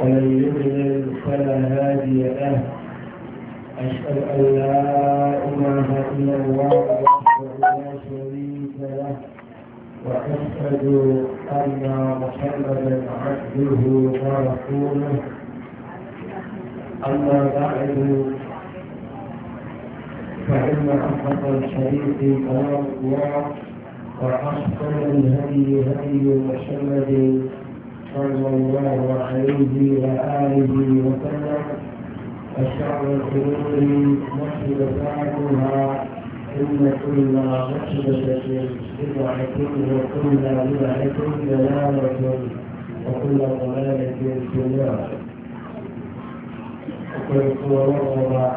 ومن يضلل فلا هادي له أشهد أن لا إله إلا الله وحده لا شريك له وأشهد أن محمدا عبده ورسوله أما بعد فإن أصدق الحديث كلام الله وأحسن الهدي هدي محمد صلى الله عليه وآله وسلم وشر الأمور محدثاتها إن كل محدثة بدعة وكل بدعة ضلالة وكل ضلالة في النار وكل صورة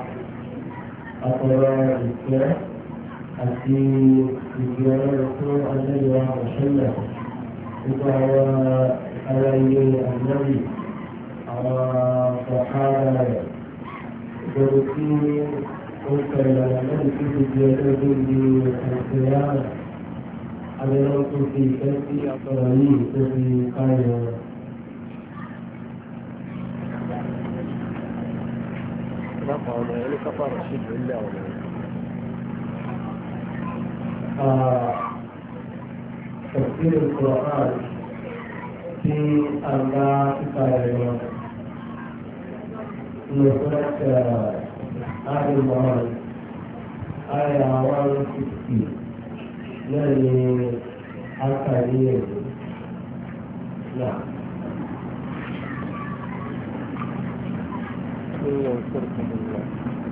أقرار الكتاب àti ìgbìyànjú fún adájọ́ àmọ̀ṣẹ́lẹ̀ nípa àwọn ara ilé ànábì àwọn ọ̀hánà rẹ̀ ìbẹ̀rù tí ó tẹ̀lé ànábì tí ó di ẹjọ́ tó di àìsíyá abẹ́rẹ́ tó fi ìfẹ́ sí ọ̀rọ̀ yìí tó fi káyọ̀ rẹ̀. lápá ọ̀nà ẹni kápá rẹ̀ sí ìlú ilé àwọn ọ̀nà. تفسير القرآن tí a bá ipa rẹ̀ lọ. Mo fẹ́ ṣe àdìmọ́ rẹ̀. Àyà one sixty náà ni a ẹ̀rọ. Náà.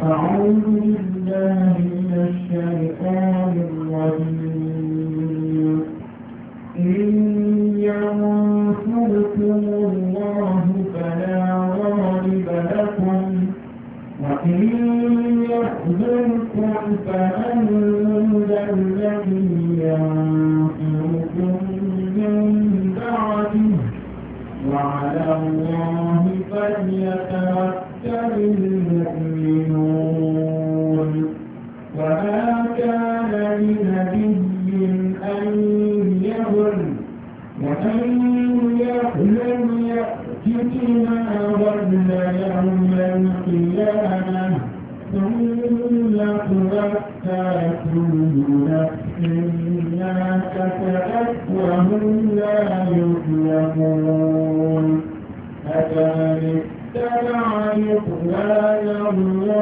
أعوذ بالله من الشيطان الرجيم فأنت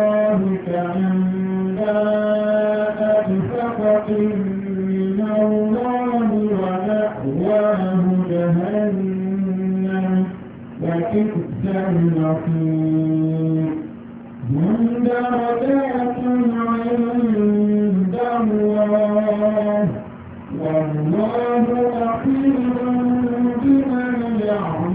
ذلك أنباء سفق من الله ومأواه جهنم وبئس المصير هم درجات عند الله والله أخير بمن يعلم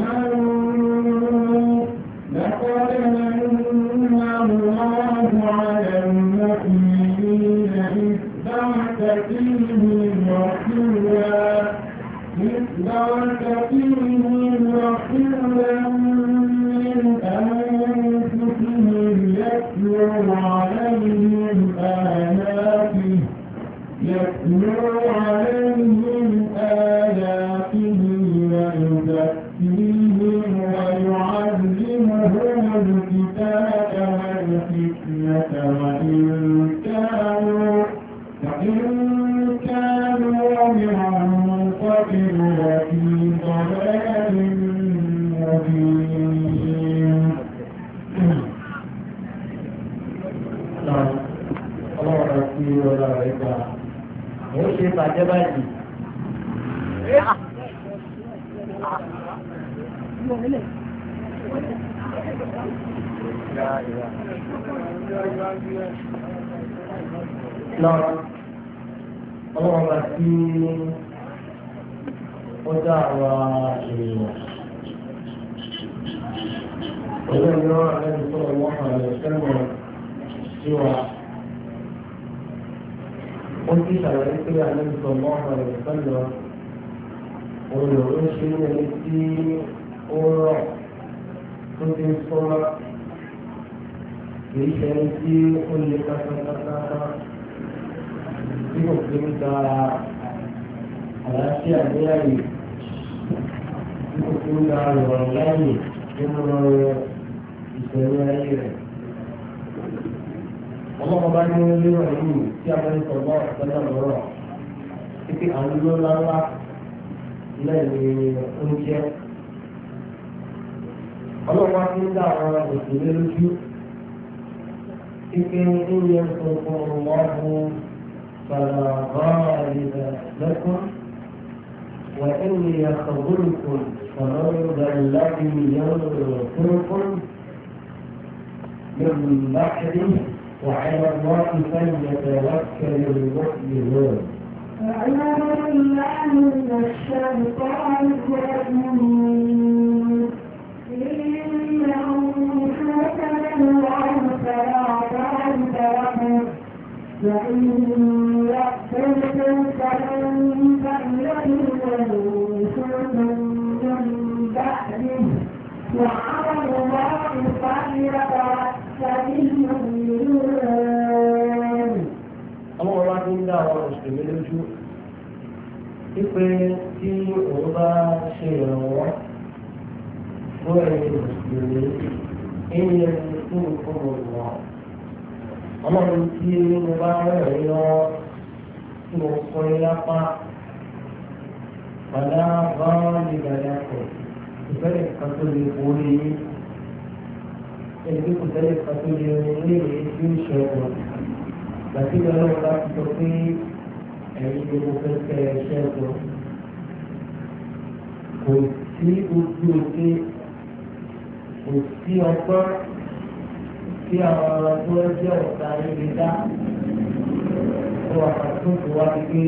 Lọ́rọ̀ ọlọ́run bá tí ó dá àwọn ènìyàn. Ọlọ́run náà lẹ́nu tó wọ́n àwọn ẹ̀sẹ̀mọ̀ sí wa. Ó ti ṣàlàyé pé àlejò tó wọ́n àwọn ẹ̀sẹ̀mọ̀ òun lòún ṣe ní ẹni tí ó tó ti ń súnmọ́ kìí ṣe ẹni tí ó lè pátápátá tí kò fi ń da àlàáfíà ní àyè tí kò fi ń da ìrọ̀rùn láyè nínú ìṣẹ̀lẹ̀ ayé rẹ̀. Ọlọ́run bá ní ilé ìlú tí a máa sọ bọ́ ọ̀sẹ̀ lọ́rọ̀ títí àwọn olóńlá ńlá lẹ́yìn oúnjẹ. ọlọ́run wá sí dá àwọn òṣèré lójú kíkẹ́ ìyẹ غالب لكم وإني يخبركم فمن ذا الذي ينصركم من بعده وعلى الله فليتوكل المؤمنون أعوذ بالله من الشيطان ينشأ àwọn ọba tí ń dá àwọn mùsùlùmí lójú wípé tí òun bá ṣe ìrànwọ́ fún ẹ̀yìn mùsùlùmí ẹ̀yìn ẹni tó ń kọ́ mọ̀ wọ́n. ọlọ́run tí mo bá rẹ̀ lọ́wọ́ tí mo kọ́ ẹ lápá فلا غالب لكم ìfẹ́lẹ̀ kan tó lè borí yín ẹgbẹ́ kò tẹ́lẹ̀ kan tó lè rí èyí tí ó ṣẹ́gun gbàtí ọlọ́run láti sọ pé ẹ̀yin ni mo fẹ́ kẹ́ ẹ ṣẹ́gun kò sí ojú ojú kò sí ọgbọ́n tí àwọn ọ̀rọ̀ tó ń jẹ́ ọ̀tá níbi dá ó wà pàtó tó wá pé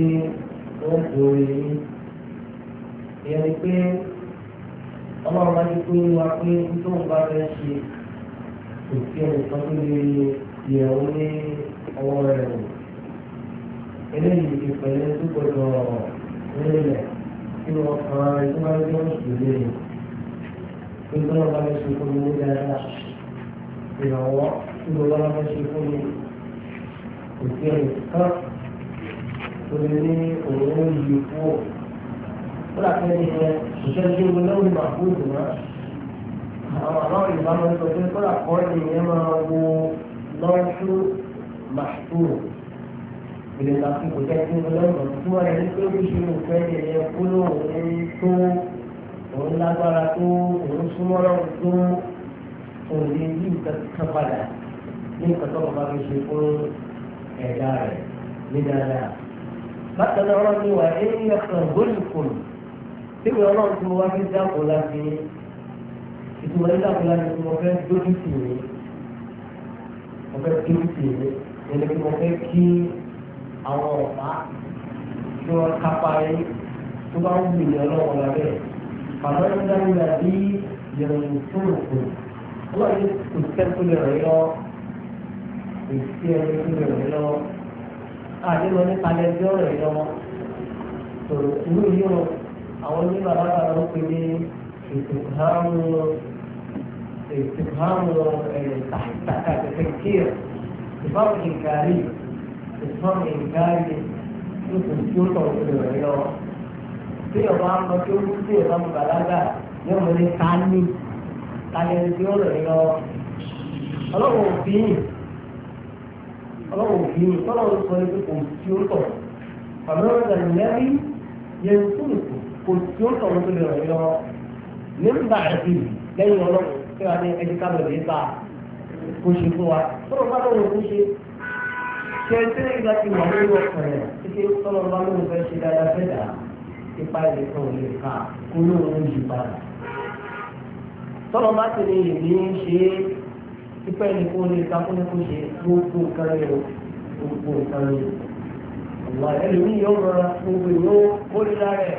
ó ń borí yín ìyẹn ni pé ọlọ́run bá ní pé wá pé tó ń bá fẹ́ ṣe kò sí ẹnìkan tó lè yẹ̀ ọ́ ní ọwọ́ rẹ̀ wò eléyìí ti pẹ̀lú tó gbọdọ̀ nílẹ̀ tí wọ́n kan ẹni máa ń gbé òṣèlú ni pé tó lọ́ba lè ṣe fún mi ní dáadáa ìrànwọ́ tí mo lọ́ba lè ṣe fún mi kò sí ẹnìkan tó lè ní òun ó yí kúrò wọ́n àti ẹni yẹn ìṣẹ́jú ewu lẹ́wọ̀n máa kú ìdùnnà àwọn àbáwọn ìgbà máa ń sọ pé kọ́lá kọ́ ẹni yẹn máa wo lọ́ọ̀ṣù màṣúrù ìrìn àti kò jẹ́ kí ọlọ́run tí wọ́n rẹ̀ ní pé bí ṣe ń fẹ́ ẹ̀yẹ kúrò ní tó òun lágbára tó òun súnmọ́ lọ́run tó òun lè yí nǹkan kan padà ní nǹkan tó bàbá fi ṣe fún ẹ̀dá rẹ̀ ní dáadáa. bákan náà wọ́n ní wà ní ẹ̀yẹ kan gbólùkùn níbi ọlọ́run tí mo wá fi dáàbò láti ìtumọ̀ ní dáàbò láti mo fẹ́ dójú tì mí mo fẹ́ dójú tì mí ẹni tí mo fẹ́ kí àwọn ọ̀pá tí wọ́n kápá yín tó bá ń gbìyànjú ọlọ́run lábẹ́ bàbá yín dá nígbà bí ìròyìn tó rò kù ọlọ́run yìí kò sẹ́ tó lè rẹ̀ lọ kò sí ẹni tó lè rẹ̀ lọ àdéhùn nípa ẹgbẹ́ ọ̀rẹ́ lọ tòrò ìwé yìí rọ̀ àwọn onímọ̀ alágbára ń pè ní ìtìkáàmù ìtìkáàmù tàkàtà tẹ̀kíyà ìfọ̀mù ìkárì ìfọ̀mù ìkárì ní kò tí ó tọ̀ sí rẹ̀ lọ. bí ọba ń lọ kí ó kú sí ìfọ̀mù bàlágà yóò mú ní tání tání ẹni tí ó rẹ̀ lọ. ọlọ́wọ́ òfin ọlọ́wọ́ òfin tọ́lọ́wọ́ sọ ní kò tí ó tọ̀. ọ̀nà ìgbàlódé yẹn kúrò kò tí tó lè ràn yín ní ń bà ẹ̀sì lẹ́yìn ọlọ́run wàá ní ẹni ká lè bá kó ṣe fún wa tọ́lọ̀ bá lọ́wọ́ kó ṣe ṣe tí ìgbà ti wà lórí ọkàn títí tọ́lọ̀ bá lọ́wọ́ fẹ́ ṣe dáadáa fẹ́ dà ipa ilẹ̀ kan ò lè ka kó lóun yí padà tọ́lọ̀ bá ti lè ní ṣe ipa ilẹ̀ kan ò lè ka kó ní kó ṣe gbogbo nǹkan rẹ̀ gbogbo nǹkan rẹ̀ ọ̀la ẹlòmíì yóò rọra gbogbo ìwé ó kórìíra rẹ̀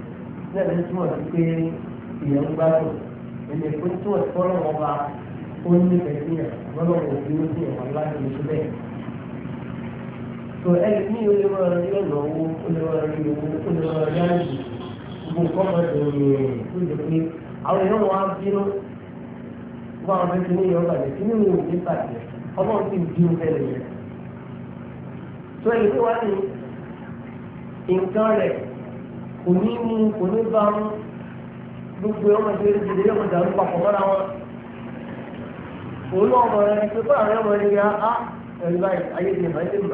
náà ló túmọ̀ sí pé ìyẹn ń gbádùn ẹni ẹ̀kọ́ túmọ̀ sí fọ́nà wọn bá ó ní ẹ̀sìn yẹn lọ́nà òbí ó sì wà láti lè ṣe bẹ́ẹ̀. tó ẹni ní olè máa rí ọ̀nà owó olè máa rí owó olè máa rí àjù gbogbo nǹkan máa dùn ní ẹ̀yìn tó lè pé àwọn èèyàn wọn á bínú wọn àwọn ẹni tó ní ìyọ̀n bàjẹ́ kí nínú òbí bàjẹ́ ọmọ ti di bẹ́ẹ̀ yẹn. tó kò ní mú kò ní bá mú gbogbo ọmọ ìdílé ìdílé ọmọ ìdàrú papọ̀ mọ́ra wọn òun ọmọ rẹ pé fún àwọn ọmọ rẹ yá á ẹ̀rí báyìí ayé ti máa ń lè mà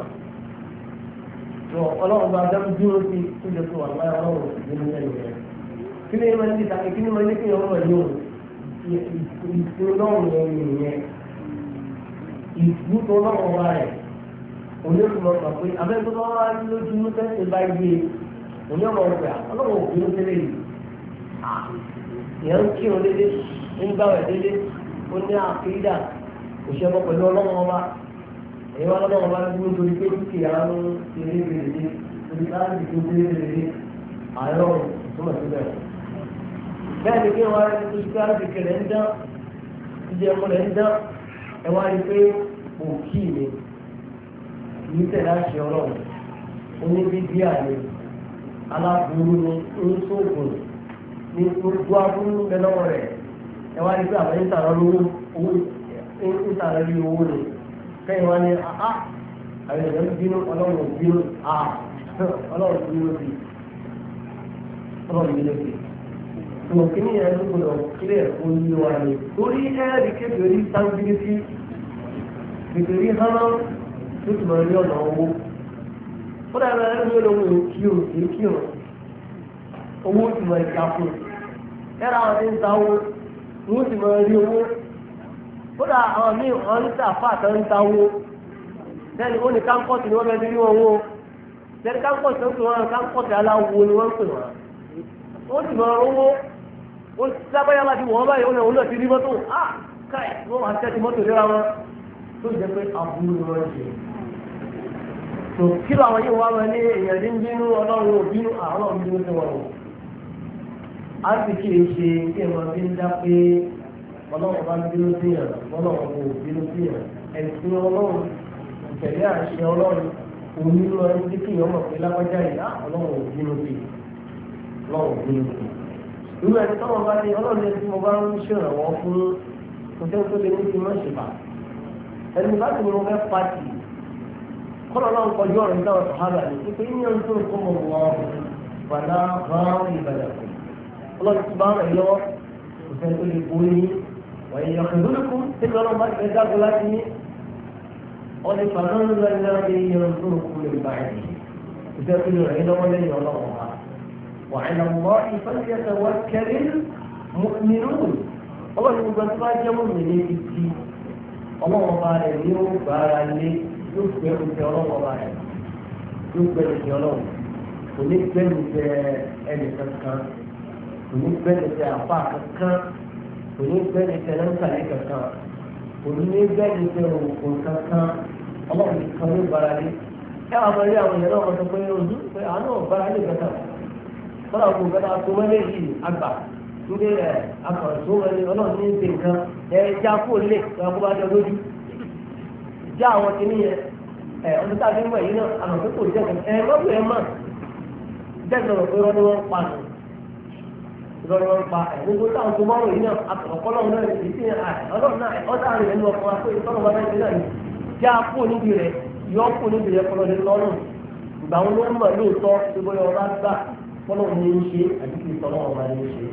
tó ọlọ́run bá dáhùn dúró sí kí lè fún àwọn ọlọ́run òsì nínú ẹ̀rọ rẹ kí ni máa ń ti kí ni máa ń kí ọmọ rẹ yóò ìsú lọ́rùn rẹ nìyẹn ìsú tó lọ́rùn wa rẹ òun yóò òní ọmọ wọn pé ọlọ́wọ́ òbí ló tẹ́lẹ̀ yìí ìyẹn ń kírun dédé ń gbàwẹ̀ dédé ó ní àkéyídà òṣèlú pẹ̀lú ọlọ́wọ́ ọba èyí wọn lọ́wọ́ ọba dúró torí pé dúkìá ló ń tẹ̀lé rèé torí láti tó tẹ̀lé rèé àárọ̀ ìtumọ̀ síbẹ̀. bẹ́ẹ̀ ni kí wọ́n á ti ká ìkẹlẹ̀ ń dán ìjẹ múlẹ̀ ń dán ẹ wá rí pé òkì mi kì í tẹ̀lé àṣẹ ọlọ́run oníbíbí àlejò aláburú ni ń sóògùn ní gbogbo aburú ń bẹ lọ́wọ́ rẹ̀ ẹ wá rí pé àwọn ìtàrọ̀ lówó owó ìtàrọ̀ lé owó ni kẹ́yìn wá ní àá ah, ah, àwọn èèyàn ń bínú ọlọ́run bínú à ah, ọlọ́run bínú sí ọlọ́run bínú sí tò kí ni ẹni gbọdọ̀ kílẹ̀ oyin wa ni torí ẹ́ẹ̀dì kékeré sáńgírí sí hánà tó tún lọ ọ̀nà owó. ó dàbí ẹni tó lóun èyí kírun èyí o owó ti mọ ìka fún un ẹ̀rọ àwọn tí ń ta owó wọ́n sì mọ rí owó ó dà àwọn míì wọ́n ń tà fáàtà ń ta owó lẹ́nu ó ní káńkọ́ọ̀tì ni wọ́n fẹ́ẹ́ rí owó lẹ́nu káńkọ́ọ̀tì tó ń pè wọ́n káńkọ́ọ̀tì aláwo ni wọ́n pè wọ́n ó sì mọ owó ó sábàyà láti wọ́n báyìí ó lè wọ́n lọ rí mọ́tò ah káì wọ́n máa tẹ́tí mọ́tò léra wọn tó pé àbúrò wọn tó kí ló àwọn yìí wá lọ ní èèyàn ní bínú ọlọ́run òbínú àwọn òbínú ti wọ̀ wọ̀ á sì kí lè ṣe kí ẹ̀rọ bí ń dá pé ọlọ́run bá bínú sí yàn ọlọ́run kò bínú sí yàn ẹni tí ọlọ́run tẹ̀lé àṣẹ ọlọ́run òní lọ ẹni tí kì í ọmọ pé lápájá yìí á ah, ọlọ́run ò bínú sí ọlọ́run ò bínú sí irú ẹni tọ́wọ́ bá ní ọlọ́run ẹni tí mo bá ń ṣèrànwọ́ fún kò tó lè ní kí n má ẹni bá ti mo fẹ́ pàtì kọ́lọ̀ náà ń kọjú ọ̀rọ̀ nígbà wọn sọ̀hábà ní pípé ní ọdún tó ń kó mọ̀ wọ́n wàlá rán ìbàdàn kù ọlọ́run ti bá ń rẹ̀ lọ́wọ́ kò sẹ́ni tó lè borí ní wàyí ọ̀kẹ́ lóríkù tí lọ́rọ̀ bá ti fẹ́ láti ní ọdún fàlọ́run lọ́rọ̀ ní ọdún tó ń kó lè bá ẹ̀ kò sẹ́ni tó lè rẹ̀ lọ́wọ́ lẹ́yìn ọlọ́run wa وعلى الله فليتوكل المؤمنون ọlọ́run yóò gbẹ oúnjẹ ọlọ́wọ́ ọba rẹ̀ yóò gbẹ oúnjẹ ọlọ́wọ́ kò ní gbẹ oúnjẹ ẹnì kankan kò ní gbẹ oúnjẹ àpá kankan kò ní gbẹ oúnjẹ lẹ́ńtàlẹ́ kankan kò ní gbẹ oúnjẹ òògùn kankan ọlọ́run kan ló bara lé ẹ wà máa rí àwọn èèyàn náà wọ́n sọ pé ojú pé àánú ọ̀bára lè gbẹ́ta kọ́lá òkú gbẹ́ta tó mẹ́lẹ̀ yìí àgbà nílé ẹ̀ akọ̀tún wẹlé ọlọ́run ní ìpè nǹkan ẹ̀ já kó ẹ̀ kó bá jọ lójú já àwọn kìíní ẹ ọdún tá a fi ń wẹ̀ yìí náà àmọ̀ pé kò jẹ́ kan ẹ mọ́tò ẹ mọ̀ jẹ́sẹ̀ rẹ̀ pé rọ́ni wọ́n pa nù rọ́ni wọ́n pa ẹ̀ gbogbo táwọn tó mọ́rọ̀ yìí náà ọ̀pọ̀lọ́run náà ti ti ọlọ́run náà ọ̀dà rẹ̀ nínú ọkọ̀ àpò ìtọ́nà bàbá ìdílé náà já kó níbi rẹ̀ yọ kó níbi rẹ̀ kọlọ́ni lọ́rùn ìgbà wọn ló ń mọ̀ lóòótọ́ tó bóyá ọba gbà fọlọ́run ní í ṣe àti kí ìtọ́nà ọba ní í ṣe.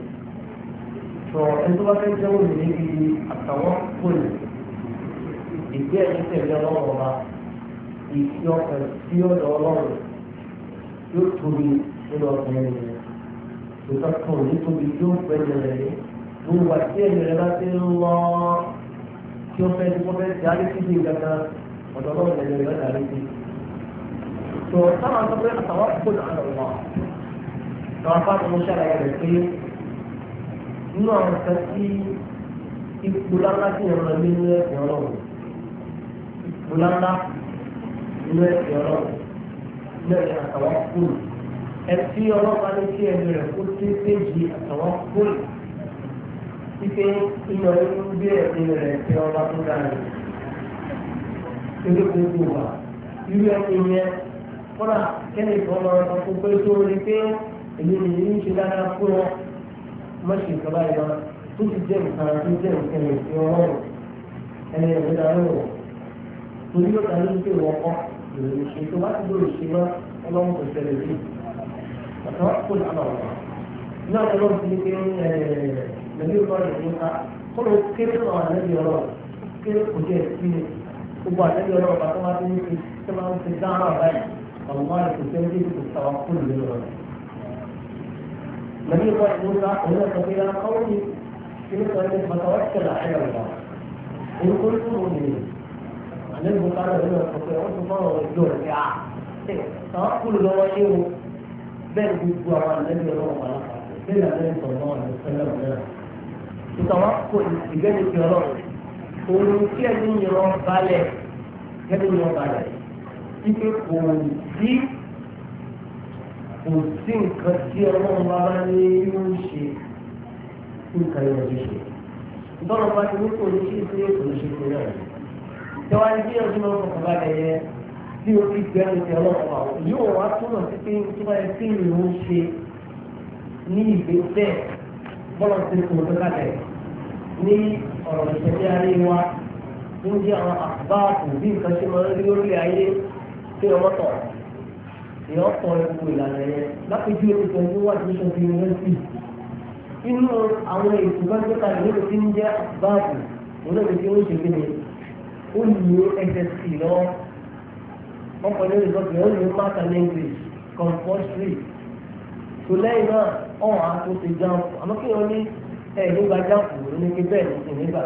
sọ ẹni tó bá fẹ́ jẹ́wọ́ mi níbi àtàwọn kò ní ìgbé ẹ̀yìn tẹ̀lé ọlọ́run ọba ìfi ọkàn sí ọ̀dọ̀ ọlọ́run yóò tóbi nínú ọkàn ẹni rẹ̀ nǹkan kan ò ní tóbi yóò gbẹ̀yìn rẹ̀ ní gbogbo àti ẹ̀mí rẹ̀ bá ti ń lọ kí ó fẹ́ ní kó fẹ́ darí sí ibi kankan ọ̀dọ̀ ọlọ́run ẹ̀mí rẹ̀ darí sí. tó sábà sọ pé àtàwọn kò náà lọ wà àwọn afá tó ń ṣàlàyé rẹ̀ pé nínú àwọn kan tí ipò lánlá sí ìrànlọ́wọ́ nínú ẹ̀sìn ọlọ́run ipò lánlá inú ẹ̀sìn ọlọ́run inú ẹ̀sìn àtàwọn fún ẹtí ọlọ́pàá ní kí ẹnu rẹ̀ kó tí péjì àtàwọn fún wípé ìmọ̀ inú bí ẹ̀sìn rẹ̀ ti ọba tó dára torí gbogbo wa irú ẹni yẹn kọ́nà kẹ́lẹ́ kan máa ń fún pé tó rí pé èmi ni yìí ń ṣe dáadáa fún ọ má ṣe nǹkan tó ti jẹ́ nǹkan tó jẹ́ nǹkan ẹ̀sìn ẹni ẹ̀sìn dáadáa lọ́wọ́ torí ó ta ló ń pè wọ́n ìròyìn ṣe tó bá ti lórí ṣe mọ́ ọlọ́run kò ṣẹlẹ̀ sí ọ̀tọ́ kò ní àbàwọ̀ náà ọlọ́run ti ní pé lẹ́bí ọlọ́run ìlú ká kọ́lọ́ kéré àwọn àlẹ́bí ọlọ́run kéré kò jẹ́ sí ni gbogbo àlẹ́bí ọlọ́run bá tó máa ti ní pé tó máa ń ti dáhùn àbáyé ọ̀gbọ́n àti ìṣẹ́jú kò sáwà kúrò lórí ọ̀rọ̀ النبي صلى الله عليه وسلم قال يا قوم إن فتوكل على الله إن كنتم مؤمنين àlejò bó kárẹ̀ nínú ọ̀sán pé wọ́n tún fọ́ọ̀rọ̀ ìjọ rẹ̀ pé ah àwọn kúlù lọ́wọ́ yé o bẹ́ẹ̀ ni gbogbo àwọn àlejò ọlọ́wọ́ wà lápá bẹ́ẹ̀ ni àlejò sọ̀rọ̀ náà ló fẹ́lẹ́ mìíràn. Ìtàn wọn kò ìgbẹ́ni ti ọlọ́run. Òun kí ẹni yan balẹ̀ kẹ́ni yan balẹ̀. Ipe kò sí kò sí nǹkan tí ọlọ́run bá bá ní yóò ṣe nǹkan yóò ṣe. Ìtọ́nà bá ti ní kò ní ṣe é sí ètò ìṣèkè náà ṣé wàá ní bí ẹ̀rọ tí mo kọ̀ bá rẹ̀ yẹ tí o ti gbẹ́ ẹ̀rọ tí ọlọ́run wà wọ́n yóò wá túnbọ̀ sí pé tó bá yẹ kí ìlú ń ṣe ní ìgbé bẹ́ẹ̀ bọ́lá ti kò orang kalẹ̀ ní ọ̀rọ̀ ìṣẹ̀lẹ̀ ayé orang tó ń jẹ́ àwọn àbáàkù bí nǹkan ṣe máa ń rí orí ayé tí ọmọ tọ̀ èèyàn tọ̀ ẹ̀kú ìlànà yẹn lápẹjú ètò ìtọ́jú wà ní ṣọ́ọ̀bù orang inú àwọn ètò bá ń gbé kalẹ̀ níbi tí ń jẹ́ àbáàkù òun náà ti ń ṣe kí ni ó lo ssc lọ́wọ́ wọ́n kọ́ ní rìsọ́ọ̀tì ó lo master language compulsory tó lẹ́yìn náà ọ̀hún àti oṣù jáàmù àmọ́ kí wọ́n ní ẹ̀ ló gba jáàmù ló ní kí bẹ́ẹ̀ ló sì nígbà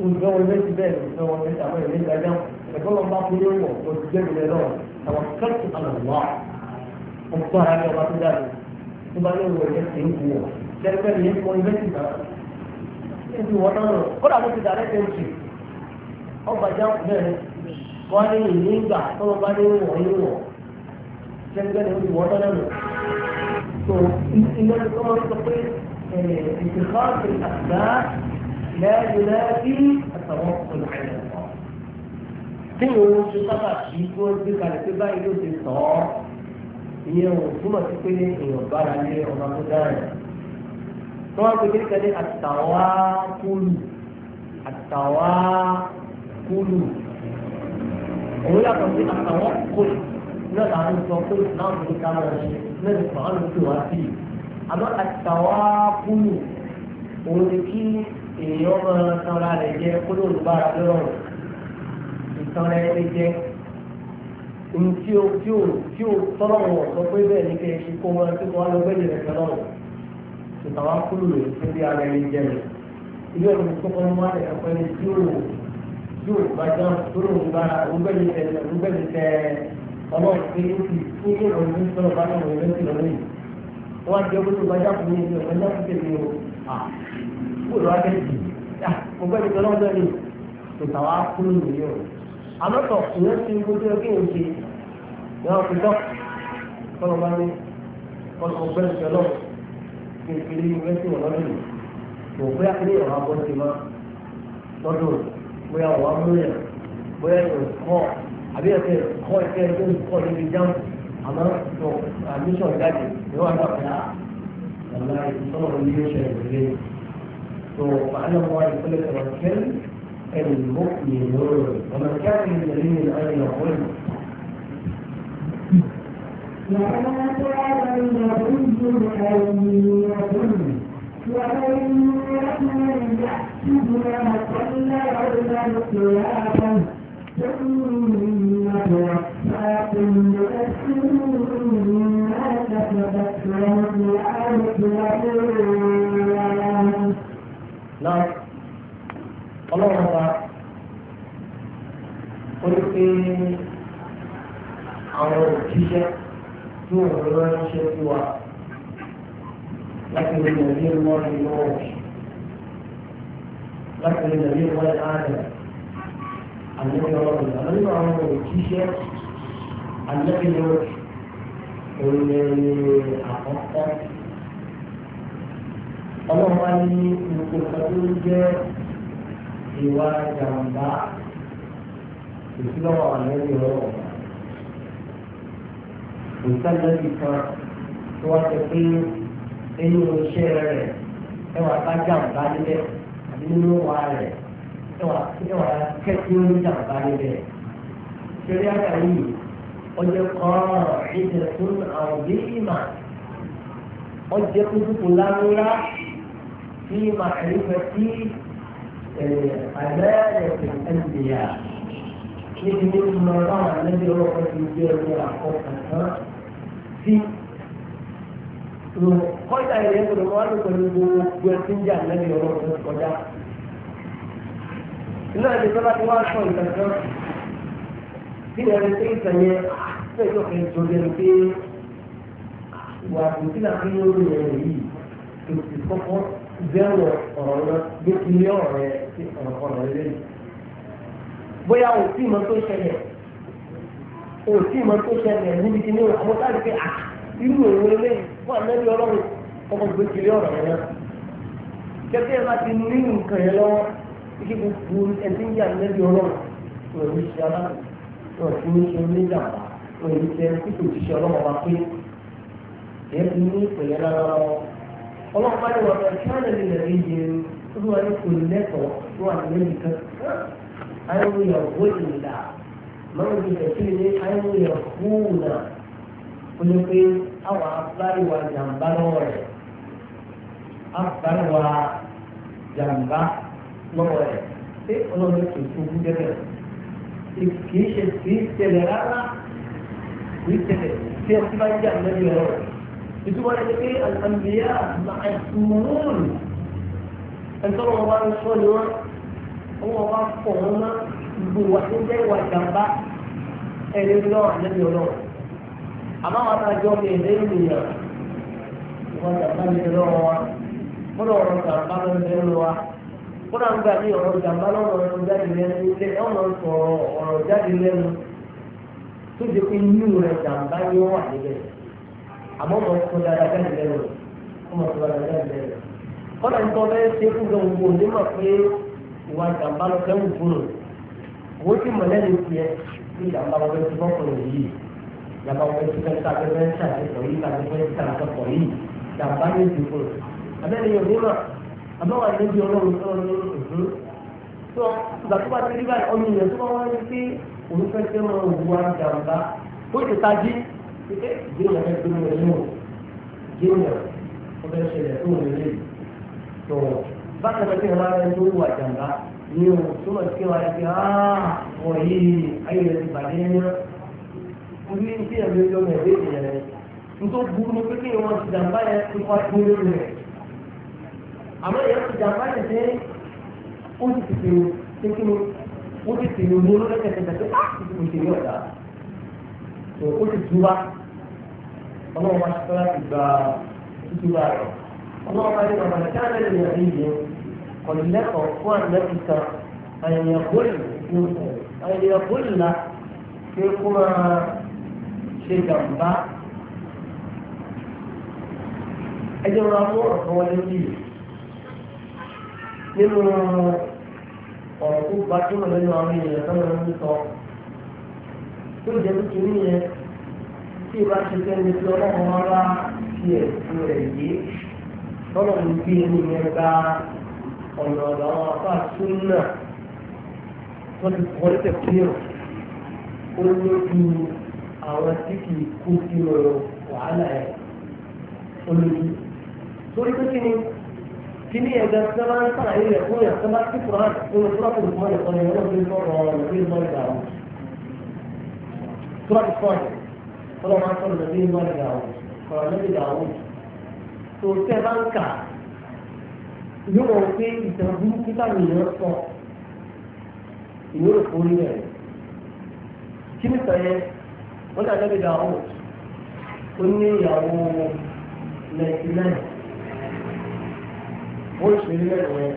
olùgbé wọn lé ti bẹ́ẹ̀ olùgbé wọn lé àwọn ìlú ìgbà jáàmù ẹ̀kọ́ lọ́n bá fún yóò wọ̀ olùgbé ni ọba tó dáa tó bá yóò wọ ilé ti ń wù ọ́ sẹ́gbẹ́ mi ń ti náà ẹ̀ ti wọ́n ọgbà jáwọ́ bẹ̀rẹ̀ wọ́n á ní ìlú ìgbà tó wọ́n bá ní wọ̀ ní wọ̀ jẹ́gẹ́dẹ́ ní wọ́n tọ́lẹ̀ lọ. tó iná ní kọ́mọ́ sọ pé ìtìkọ́sì àgbà lẹ́yìn lẹ́yìn àtàwọn ọ̀nà àyẹ̀ sọ. tí òun ti sábà kí tó gbé kalẹ̀ pé báyìí ló ti sọ ọ́ ìyẹn ò túmọ̀ sí pé èèyàn bára lé ọba tó dára rẹ̀. wọ́n kékeré àtàwọn kúlù àtàwọn kúlù òun yàtọ̀ sí àtàwọn kúlù náà là ń sọ pé láwọn tó ká lọ ṣe lẹ́nu kan ló ti wá sí i àmọ́ àtàwọn kúlù òun ni kí èèyàn máa tanra rẹ̀ jẹ kóló olùbára lọ́rọ̀ ìtanra ẹni jẹ ohun tí ó tí ó tí ó tọ́lọ̀ wọ̀ sọ pé bẹ́ẹ̀ ni kẹ́ ẹ ṣe kó wọn tí wọ́n á lọ gbẹ́jẹ̀ rẹ̀ tọ́lọ̀ ìtàwọn kúlù rẹ̀ fún bí ara ẹni jẹ rẹ̀ ilé ọ̀rọ̀ tó kọ́ wọn wá lẹ̀ ẹ̀kọ́ ẹni tí ó wò yóò gbàjọ́ lórí òun bá ògbẹ́ni tẹ ògbẹ́ni tẹ ọlọ́run pé ó ti fún yóò lọ sí sọ́dọ̀ bá náà wọlé sí lọ́wọ́ yìí wọ́n á jẹ́ gbogbo gbàjọ́ fún mi ìgbà gbàjọ́ fún tèmi o kó lọ́wọ́ bẹ́ẹ̀ jì ògbẹ́ni tẹ ọlọ́run lọ́wọ́ tó tàwa kúrò nìyí o àmọ́tọ̀ ìyẹn ti gbogbo ẹgbẹ́ òun ṣe ìyá òfin tọ́ kọ́nà bá ní kọ́nà ògbẹ́ni tẹ ọlọ́run kí n fi lé ìgbẹ́sìn ọ̀lọ́run yìí kò gbé bóyá ọ̀wá múyàn bóyá ìkọ́ àbí ẹ̀fẹ́ kọ́ ẹ̀fẹ́ tó kọ́ níbi jáàmù àmọ́ tó àdúṣọ̀ jáde ni wọ́n náà fẹ́ ọ̀la ìtọ́nà ní yóò ṣe ìrìlẹ̀ tó fàánà wọn ìpínlẹ̀ sọ̀rọ̀ kẹ́lí ẹ̀rù ìbò ìyẹ̀wò rẹ̀ ọ̀nà kẹ́lí ìyẹ̀lẹ́ ìyẹ̀lẹ́ ayẹyẹ ọ̀rẹ́ يا أيها الذين آمنوا Àwọn òjíṣẹ́ tí òun rán ṣe sí wa لكن النبي الله نوح لكن النبي الله آدم النبي رجل النبي عمره كيشة النبي نوح والذي أعطى اللهم أني نقول فتوجة ìwà jàǹbá ìsílọ́wọ́ àlẹ́bí ọ̀rọ̀ ìsàlẹ̀ ìkan tó wá ṣe pé nínú iṣẹ́ rẹ̀ ẹwà bá jàǹbá níbẹ̀ àbí nínú wa rẹ̀ ẹwà ẹwà kẹ́kẹ́ ní jàǹbá níbẹ̀. Ṣeré àgbáyé ọjọ́ kan ìṣẹ̀lẹ̀ fún àwọn bí ìmà ọjọ́ kúkú lánúlá sí màálùfẹ́ sí àlẹ́ẹ̀kẹ́ ẹ̀ǹdìyà. Níbi nínú ọlọ́run àlejò ọlọ́run ti gbé ẹgbẹ́ àkọ́kọ́ kan sí lò kọ́ńtà yẹn gbọdọ̀ wà ló pẹ̀lú gbogbo ẹtí ń jà lẹ́yìn ọ̀rọ̀ ọ̀rọ̀ kọjá. iná ẹni tó bá ti wá sọ ìtàn kan bí ẹni tó ìtàn yẹn fẹ́ẹ́ tó kẹ́ tó lẹ́nu pé wà á tún sílẹ̀ kí ló lè rẹ̀ yìí tó ti kọ́kọ́ bẹ́ẹ̀rù ọ̀rọ̀ náà bí ti lé ọ̀rọ̀ rẹ̀ sí ọ̀rọ̀ ọ̀rọ̀ rẹ̀ lẹ́yìn. bóyá òfin mọ́ tó ṣẹlẹ̀ òfin mọ́ tó ṣẹlẹ̀ níbi tí ní ọmọ táyì pé à irú òun lẹ́yìn fún àmẹ́lì ọlọ́run ọmọ ìgbé kiri ọ̀rọ̀ yẹn náà kẹ́kẹ́ yẹn láti ní nǹkan yẹn lọ́wọ́ kí gbogbo ẹni tí ń yà àmẹ́lì ọlọ́run rẹ̀ ní ṣe aláàbò rẹ̀ kí ní ṣe ní ìjàmbá rẹ̀ ní ṣe kí kò ti ṣe ọlọ́run ọba pé yẹn ti ní ìpìlẹ̀ lára wọn ọlọ́run bá ní wọn fẹ́ kí wọ́n lè lè rí yẹn olúwa ní kò lẹ́tọ̀ọ́ tó wà nílẹ̀ nìkan ayélujára wọ́n ìlà mọ́wọ́n kúlẹ̀ pé àwọn abáríwá jàǹbá lọ́wọ́ rẹ̀ abáríwá jàǹbá lọ́wọ́ rẹ̀ pé ọlọ́run kò tó kú débẹ̀ kì í ṣe kì í tẹ̀lẹ̀ rárá kì í tẹ̀lẹ̀ tí ọtí bá jà lẹ́yìn ọ̀rọ̀ rẹ̀ ìtumọ̀ rẹ̀ pé àtàmìyá máa mún ẹ̀tọ́ wọn bá sọ ni wọn wọn bá fọ̀ wọn gbogbo wa tó jẹ́ ìwà jàǹbá ẹ̀rí lọ́wọ́ lẹ́yìn ọ̀rọ̀ àmọ́ àwọn àtàjọ mi èdè ènìyàn wọ́n jàmbá mi lọ́wọ́ wa kódà ọ̀rọ̀ jàmbá wa ń gbà ní ọ̀rọ̀ jàmbá lọ́wọ́ ọ̀rọ̀ jáde lẹ́nu ilé ọ̀nà sọ̀rọ̀ ọ̀rọ̀ jáde lẹ́nu tó ṣe pé inú jàmbá wà níbẹ̀ àmọ́ dáadáa jáde lẹ́nu dáadáa jáde lẹ́nu ń tọ́ ṣe fún gbogbo pé yàtọ̀ pẹ̀lú sàgbẹ́fẹ́sà ìsọ̀ yìí sàgbẹ́fẹ́sà ìsọ̀kọ̀ yìí yàtọ̀ ní ìdìbò abẹ́rẹ́ yóò wúlọ̀ abẹ́wà ní ibi ọlọ́run tó ń lò tó ìgbà tó bá ti rí báyìí ọmọ ìyẹn tó bá wọ́n ní sí olùfẹ́sẹ̀ mọ òwú àjàmbá ó ti ta jí pé ìgbéyàwó ẹ̀ tó ń lò nínú ìgbéyàwó ọbẹ̀ ṣẹlẹ̀ tó ń lò lé tó bákan náà tí wọ́n rẹ̀ tó wù àjàmbá ni òun túmọ̀ sí wọn àti àà wọ̀nyí ayé orí ní tí ẹ̀rọ ìjọba ẹ̀rọ ènìyàn rẹ̀ nítorí burú ni pé kí ni wọ́n ti jàmbá yẹn ti wá tó lórí rẹ̀ àmọ́ ìyẹn ti jàmbá yẹn ṣe ó ti tètè ṣe kí ni ó ti tètè mú lọ́lẹ́kẹ̀kẹ̀ tẹ̀sí á ti tètè ní ọ̀dà ó ti túbá ọlọ́run wá ṣe láti gba túbá rẹ̀ ọlọ́run wá ní bàbá ní káàdé ní àríyìn kọ̀lẹ́kọ̀ọ́ fún àdínẹ́kùtà àyẹ̀yẹ̀ àyẹ̀yẹ̀ kólì la ṣe kó máa ṣe jàmbá ẹjọ́ ra mú ọ̀rọ̀ wọlé bí nínú ọ̀rọ̀ tó gbajúmọ̀ lẹ́nu àwọn èèyàn tó máa ń sọ tó jẹ́ pé kí yẹn tí ìbá ṣe fẹ́ni tí ọlọ́run máa bá fi ẹ̀sùn rẹ̀ yé tọ́lọ̀ ń gbé ní yẹn bá ọ̀nà ọ̀dọ̀ àwọn afá súnà tó ti kọ́ lẹ́tẹ̀ fún ó lójú àwọn tí kì í kú sínú wàhálà ẹ̀ olójú. torí pé kí ni kí ni ẹ̀gá tí wọ́n bá ń sàlàyé rẹ̀ fún yàrá tí wọ́n bá ti kúrò láti fún un fúnra kúrò fún ẹ̀kọ́ ni wọ́n fi sọ̀rọ̀ ọ̀rọ̀ lórí ìmọ̀ ìgbà wọn. tí wọ́n ti fọ́ ọ̀dẹ̀ fọlọ́ máa ọ̀rọ̀ lórí yóò wọ́n pé ìtàn burúkú táwọn sọ ìwé òfin rẹ̀ kí ni yẹn wọ́n ní ànábì Dawud ó ní ìyàwó ninety nine wọ́n ṣe lẹ́rọ ẹ̀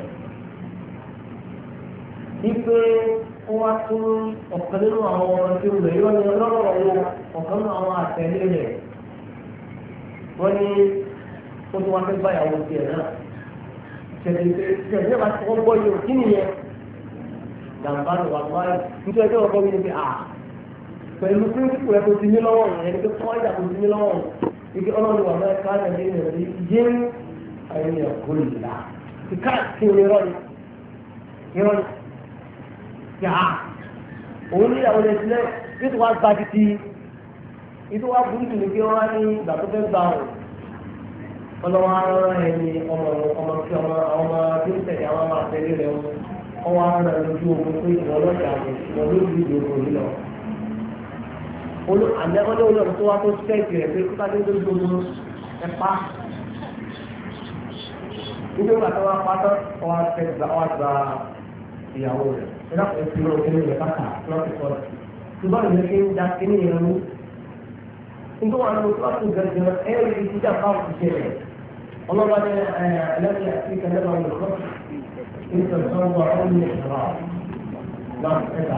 wípé ó wá tún ọ̀kan nínú àwọn ọmọ tí ó lè yọ ní ọlọ́rọ̀ ọ̀kan nínú àwọn àtẹ̀lé rẹ̀ wọ́n ní ó tún wá fẹ́ báyàwó tiẹ̀ náà ṣẹ̀dẹ̀ bá ti wọ́n gbọ́ yìí kí nìyẹn gàmbá ló wà lọ́wọ́ nítorí ọjọ́ ọgbọ́n mi ni pé àà. Ah, pẹ̀lú píríncípù rẹ̀ tó ti ní lọ́wọ́ rẹ̀ ẹni pé kọ́ńdà tó ti ní lọ́wọ́ rẹ̀ ike ọlọ́run wà náà ká nàìjíríà ní ìrẹ̀lẹ̀ yé ayé ẹ̀kọ́ ìlà ìka ni ní rọ́ọ̀lì ìrọ̀lì yà á òun ní ìyàwó rẹ̀ sílẹ̀ yóò tó wá gba títí yóò tó wá burú jù ní pé wọ́n á ní ìgbà tó fẹ́ gbà ọ̀ ọlọ́wọ́ ara ẹni ọmọ ọmọ tí ọmọ ọmọ tí ń tẹ̀lé àwọn àtẹ̀lé rẹ̀ ọwọ́ ara lójú ogun tó ìwọ ọlọ́jà rẹ̀ ìwọ lójú ìdòwò yìí lọ olú àlẹ́kọ́jọ́ olóòrùn tó wá tó sẹ́ẹ̀kì rẹ̀ pé kúta tó gbogbo ọmọ ẹ̀pá gbogbo ìgbà tó wá pátọ́ ọwá tẹ̀gbà ọwá gba ìyàwó rẹ̀ ẹ̀rọ ẹ̀sìn náà kí ló yẹ káàkà lọ́sì kọ́ ṣùgbọ́n ìlú ṣe ń da kíní yẹn mú nítorí wọn lọ sọ́ọ̀tù gẹ̀gẹ̀ ẹ̀rí ti dà bá òkú ṣẹlẹ̀ ọlọ́ba ní ẹlẹ́yìn àti ìkẹlẹ́bà ọ̀rọ̀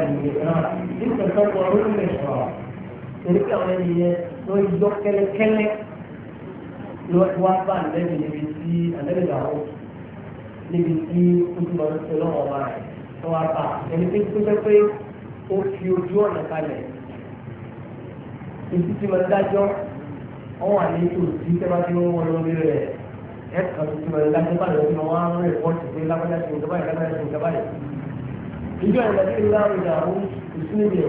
ẹ̀ẹ́dẹ̀gbẹ̀rẹ̀ nígbà tó kọ orí mi sọ̀rọ̀ torí pé àwọn ènìyàn ló yọ kẹ́lẹ́kẹ́lẹ́ ló wá bá àlẹ́bí níbi tí àlẹ́bí làwọn níbi tí ojú ọdún tó lọ́wọ́ wá rẹ̀ tó wá bá ẹni pé tó fẹ́ pé ó fi ojú ọ̀nà kalẹ̀ èyí tí wọ́n dájọ́ ọ̀hún àlejò tí sẹ́wá tí wọ́n wọ́n lórí rẹ̀ ẹ̀ka tó ti wọ́n dájọ́ bá lọ́wọ́ wọn rẹ̀ pọ́ọ̀tù ìjọ ìlàjì ńlá ìyàwó ìsúnìbì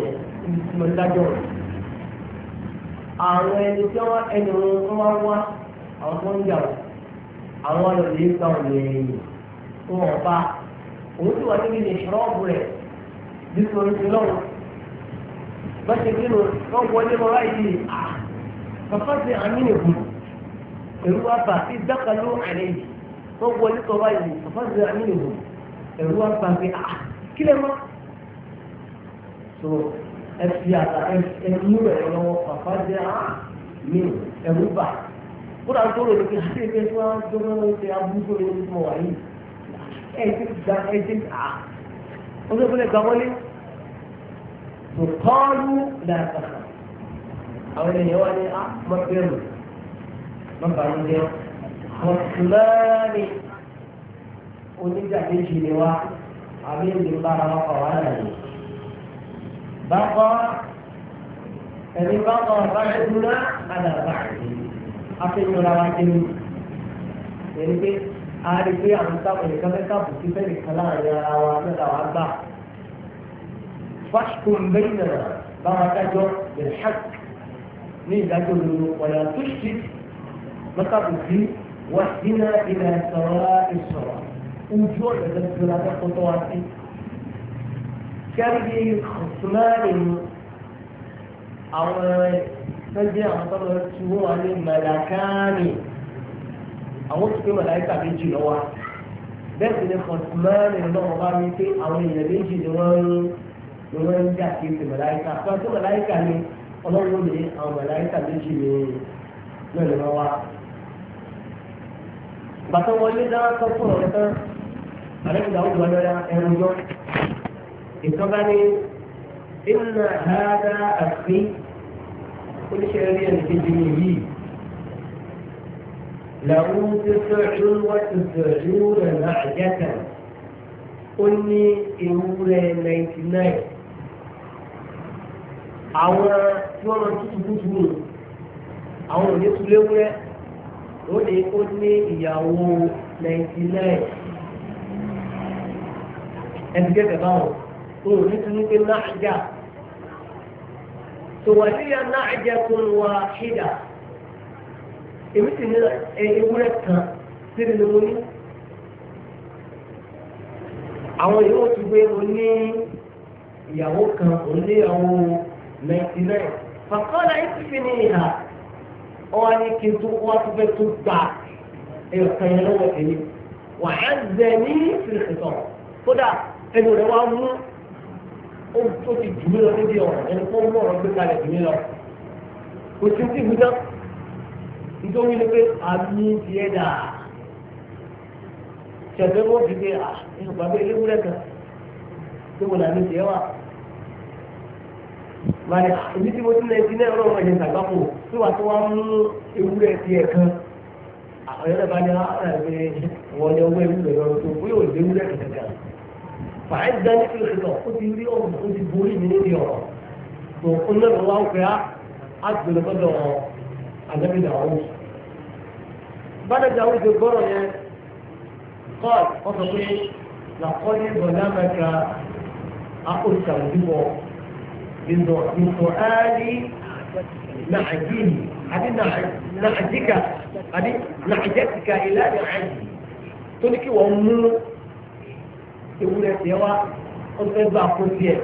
ìmọ̀lájọ́ rẹ̀ àwọn ẹni tí wọ́n ẹni wọn wá wá àwọn tó ń jà wọ́n àwọn ọlọ́dẹ yìí gba òun ẹ̀yìn fún ọba òun ti wà níbi ìṣọ́ọ̀bù rẹ̀ nítorí ti lọ́wọ́ bẹ́ẹ̀ ni bàbá ti àmínì ẹ̀rú wa bà sí dákàlú yìí bàbá ti àmínì ẹ̀rú wa bà sí kí so ẹ fi àtà ẹ mú ẹ̀rọ lọ́wọ́ pàpà jẹ́ ah, ah, á mi ẹ̀rú bà kódà tó lè lókè àti ẹgbẹ́ tó wá dọ́gbọ́n ló ṣe abúlé lórí mọ̀ wáyé ẹ ti gba ẹ ti à ah, wọ́n tó fẹ́lẹ̀ gbà wọlé tó kọ́ọ́lù dáadáa àwọn ènìyàn wá ní á mọ́ bẹ́ẹ̀rù mọ́ bàánú jẹ́ mọ́ tùlẹ́ẹ̀rì ni wá. àbí ìbára wọn kọ̀ wá lẹ́yìn. Bákọ́ ẹni bákọ́ báyìí dúró padà báyìí. Afẹ́yìnra wa ti ní. Èyí pé a rí pé àwọn táwọn ìkan mẹ́ta bù sí fẹ́ẹ̀ nìkan láàrin ara wa mẹ́ta wa gbà. Fáṣkùn bẹ́yìn náà báwa dájọ́ lè ṣàk ní ìdájọ́ lóru ọ̀nà tó ṣe mẹ́ta bù sí wàhíná ìlà ìsọ̀rọ̀ ìsọ̀rọ̀. ojú ọ̀nà lẹ́gbẹ̀ẹ́ la fẹ́ tọ́ wa sí. kẹ́rìndé kọ̀tùmáàlì ni àwọn ẹgbẹ́ àwọn tọ́lọ tí wọ́n wà ní màlákàánì àwọn tó pé màláìkà méjì lọ́wọ́ bẹ́ẹ̀ sì ni kọ̀tùmáàlì náà bá mi pé àwọn èèyàn méjì ni wọ́n ń wọ́n ń jà kí n pè ní àwọn màláìkà wa. bàtà wọlé dáná tó fún ọ̀rẹ́ tán àlejò àwọn ìgbà lọ́yà ẹ̀rù jọ ìtọ́ba ní ìnà àádá àfi oníṣẹ́ rí ẹni kejì ní yìí làwọn tó sọ̀rọ̀ wá tó sọ̀rọ̀ tí wọ́n lọ tútù tútù nù àwọn òní túléwúrẹ́ ó ní ó ní ìyàwó 99 ẹni gẹ́gẹ́ báwọn o ò ní tún pé náà já tòwàlíyà náà jẹ́ tó ń wá ṣídà èmi sì ní ewúrẹ́ kan síbi ni mo ní àwọn yòówù ti gbé mo ní ìyàwó kan òun ninety nine fàkọ́lá ètò fi ní ìhà ọ̀wá ní kí n tó wá tó tó gbà ẹ̀yọ̀ kan yẹn lọ́wọ́ èmi wà á zẹ̀ ní ìfìlẹ̀ sọ̀rọ̀ kódà ẹnu rẹ̀ wá mú ó ti jù lọ níbi ọ̀rọ̀ ẹni kó mú ọ̀rọ̀ gbé kalẹ̀ jù lọ kò sí sí ìwúdá nítorí ni pé àmì ti dà ṣẹ̀fẹ̀ wọ́n fi pé à ẹnu bàbá eléwúrẹ́ kan tó wọ́n làmì ti ẹ̀ wà báyìí èmi tí mo ti lè ti náà ọlọ́run ẹ̀jẹ̀ sàgbàpọ̀ tí wàá tó wá mú ewúrẹ́ ti kan àwọn ẹ̀rọ bá ní àwọn ẹ̀rọ ìwọ̀n ni ọwọ́ ewúrẹ́ lọ́rùn tó bóyá فعزة نفي الخطاب قلت يريد أمر قلت بوري من إيدي أمر وقلنا الله فيها عبد لقد النبي داوود بعد داوود البرنة قال فصلي لقد ظلمك أقول تنبيه من سؤالي نعجيه هذه نعجك هذه نعجتك إلى نعجي تقول كي ومنه ewúrẹ́ tiẹ̀ wá ó fẹ́ gbà kó tiẹ̀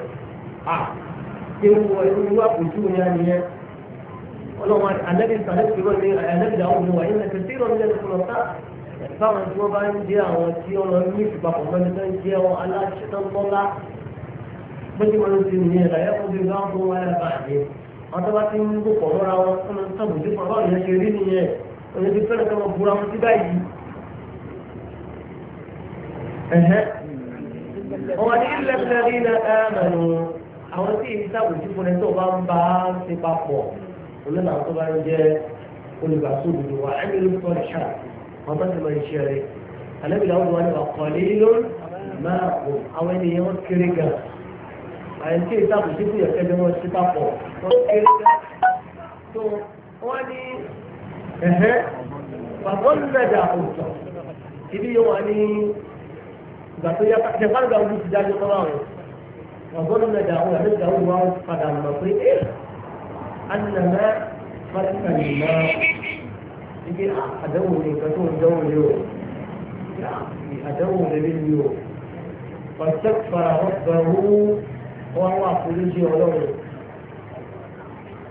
à ewu ewu àpòjú yẹn nìyẹn ọlọ́wọ́ anabi sàlẹ̀ kúrò ní anabi dàwọn ọmọ wa ilẹ̀ kẹsì ìrọ̀ nílẹ̀ kúrọ̀ ká táwọn tí wọ́n bá ń jẹ́ àwọn tí ọ̀rọ̀ ní ìfipapọ̀ mọ́ni tó ń jẹ́ ọ aláṣetọ́ńtọ́lá bójú wọn ló ti nìyẹn láyé kó bí wọn kó wọn yára báyìí wọn tó bá ti ń gbó pọ̀ mọ́ra wọn kó ló ń tọ́ pọ̀ báwọn yẹn ṣe rí nìyẹn òye ti fẹ́rẹ̀ kọ́ ọ̀wọ́n ní ilẹ̀ tẹ̀lé iná ẹ̀mẹ̀nu àwọn tí ìdí sábòjú fún ẹ tó bá ń bá ṣe papọ̀ olóòlà tó bá ń jẹ́ olùgbàsódodo wa ẹni ló sọ ìṣà wọn bá ti máa ń ṣe rẹ alẹ́bí làwọn ìwà ni wà kọ́ ní ló máa wò àwọn ènìyàn wọn kéré gan àyẹn tí ìsàbòjú fún ẹ̀kẹ́ bí wọ́n ṣe papọ̀ wọn kéré gan tó wọ́n ní ẹ̀hẹ́ bàbá ń lẹ̀dà òótọ́ ibi yóò ìgbà tó yá jẹ̀fán ìgbà ojú ti dájọ́ tọ́lá rẹ̀ ọ̀gbọ́n mẹ́ta àwọn àti ìgbà òun wá padà mọ̀ pé ẹ̀ anàmẹ́ fásitì àyìnbá ibi àdéhùn ní nǹkan tó ń dẹ́wọ̀n ní o àdéhùn ní ní ní o ọ̀sẹ̀ fara ọ̀gbẹ̀rú wọn wà foríjì ọlọ́run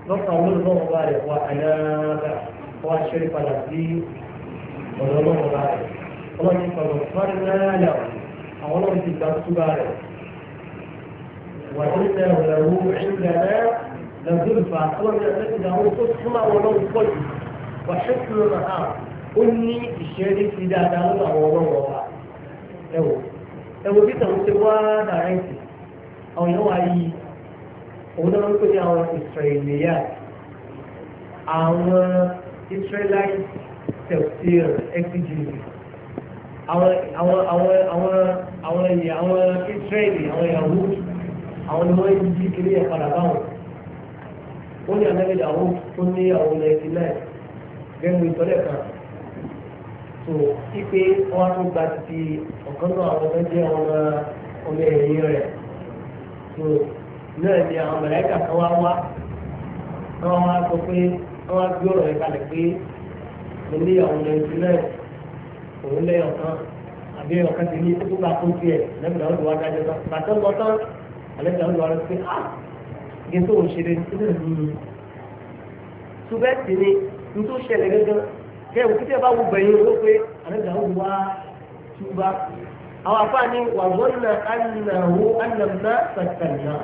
lọ́kàn olólùfọ́n ọba rẹ̀ wà àyàrá wà ṣẹ́rí padà sí ọ̀dọ́ ọlọ́run ọba rẹ̀ ọlọ́run ìfọ̀rọ̀ fọ́nrán náà àwọn ọlọ́run ti gba túbà rẹ̀ wà ní ẹ̀rọ ẹ̀rọ ìgbẹ̀rẹ̀ lẹ́gbẹ̀rẹ̀fà ọlọ́run ẹ̀rọ ti gba àwọn tó súnmọ́ àwọn ọlọ́run pọ̀ jù wà ṣé kí ló máa hàn ó ní ìṣeré ti dáadáa lọ́dọ̀ àwọn ọlọ́run ọba ẹ̀wọ̀ ẹ̀wọ̀ bí tàwọn ṣe wá dàrẹ́ǹtì àwọn èèyàn wá yí òun náà ń pè ní àwọn ìsirẹ̀lẹ̀yà àwọn israelite àwọn ẹ̀yìn àwọn israẹli àwọn ìyàwó àwọn ni wọ́n yí kiri ẹ̀ padà báwọn ó ní àlẹ́ ìyàwó tó ní àwọn ilẹ̀ ìpínlẹ̀ gẹ́gẹ́ ìtọ́lẹ̀ kan tó ipe wọn tó gba ti ọ̀kan náà àwọn ọmọ jẹ́ ọmọ ọmọ ẹ̀yìn rẹ̀ tó náà ni àwọn mẹ̀lẹ́kà kan bí ọ̀kan ti ní tó bá kún tiẹ̀ lẹ́mìnà ọ̀dọ̀ wa dájọ́ tán bàtọ́ lọ tán àlẹ́mìnà ọ̀dọ̀ wa lọ sí à ah! ní tó ń ṣe lé ní sílẹ̀ nínú. ṣùgbọ́n ti ní ní tó ṣẹlẹ̀ gángan kẹ́ òkú tẹ́ bá wù bẹ̀yìn ló pé àlẹ́mìnà ọ̀dọ̀ wa túbá. àwọn afáàní wà gbọ́nà ànàwó ànàmná sàkànnà.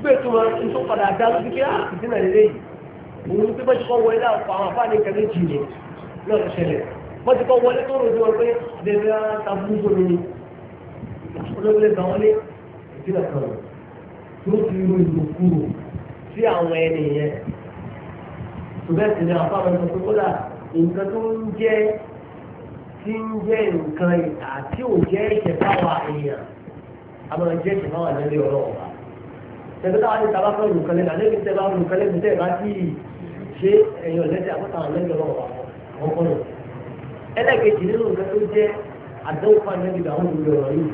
gbé ìtumọ̀ ní tó padà dá lójú kí ah, àtìsínà lélẹ́yìn òun tó bá ti kọ́ wọlé wọ́n ti kọ́ wọlé tó rò wọ́n pé bẹ̀rẹ̀ ara ta fún olóògbé kan ìdílé kan rò ti ro ìlú kúrò sí àwọn ẹni yẹn ṣùgbọ́n ti ní àpamọ́ tó kọ́lá nǹkan tó ń jẹ́ tí ń jẹ́ nǹkan ìta tí ò jẹ́ ìṣẹ̀fáwà èèyàn a máa jẹ́ ìṣẹ̀fáwà lẹ́lẹ́ ọ̀rọ̀ ọ̀gá tẹ̀sí táwọn ní sábà fẹ́ olùkọ́lé náà lẹ́yìn tẹ́ ẹlẹ́ẹ̀kejì nínú nǹkan tó jẹ́ àdánwò fún àmì ìgbà ọ̀rọ̀ yìí